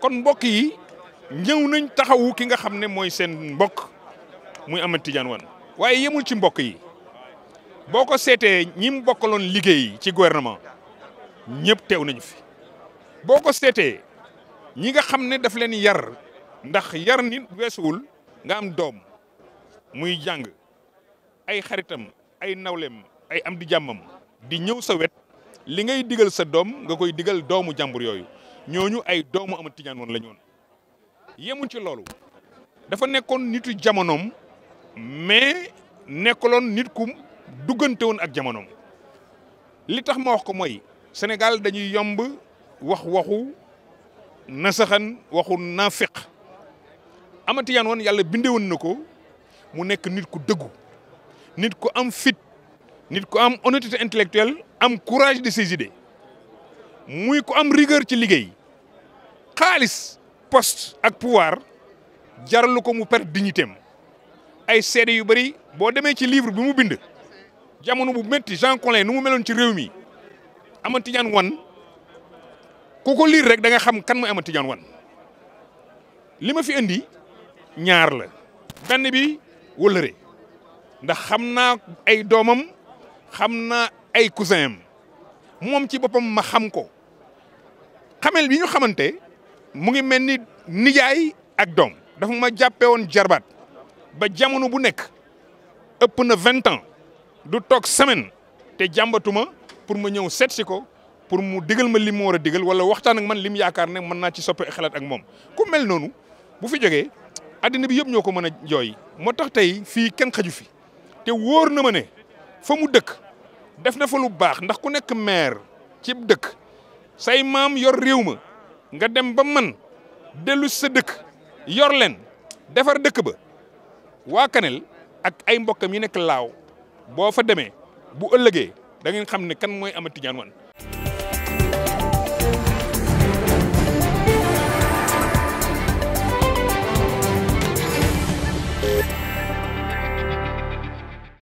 kon mbokk yi ñëw nañ taxawu ki nga xam ne mooy seen mbokk muy Amath Tidiane wan waaye yemul ci mbokk yi boo ko seetee ñi bokkaloon liggéey ci gouvernement ñëpp teew nañu fi boo ko seetee ñi nga xam ne daf leen yar ndax yar ni weesuwul nga am doom muy jàng ay xaritam ay nawleem ay am di jàmmam di ñëw sa wet li ngay digal sa doom nga koy digal doomu jàmbur yooyu ñooñu ay doomu Amadu Tijaan woon la ñu woon yemuñ ci loolu dafa nekkoon nitu jamonoom mais nekkaloon nit ku duggante woon ak jamonoom li tax ma wax ko mooy Sénégal dañuy yomb wax waxu nasaxan waxu nafiq Amadu Tijaan woon yàlla bindewoon na ko mu nekk nit ku dëggu nit ku am fit nit ku am honnêteté intellectuelle am courage de ses idées muy ko am rigueur ci liggéey xaalis poste ak pouvoir jaralu ko mu perte dignité am ay seede yu bari boo demee ci livre bi mu bind jamono bu metti Jean Collin nu mu meloon ci réew mi Amath Tidiane Wane ku ko lire rek da nga xam kan mooy Amath Tidiane wan li ma fi indi ñaar la benn bi wëllëre ndax xam naa ay doomam xam naa ay cousin am moom ci boppam ma xam ko xamel bi ñu xamante mu ngi mel ni nijaay ak doom dafa ma jàppe woon jarbaat ba jamono bu nekk ëpp na vingt ans du toog semaine te jàmbatuma pour ma ñëw seet si ko pour mu digal ma li mu war a digal wala waxtaan ak man li mu yaakaar ne mën naa ci soppe xalaat ak moom ku mel noonu bu fi jógee addina bi yëpp ñoo ko mën a jooy moo tax tey fii kenn xaju fi te wóor na ma ne fa mu dëkk def na fa lu baax ndax ku nekk maire ci dëkk say maam yor réew ma nga dem ba man dellu sa dëkk yor leen defar dëkk ba waa Kanel ak ay mbokkam yi nekk laaw boo fa demee bu ëllëgee da ngeen xam ne kan mooy Ameth Tidiane Wane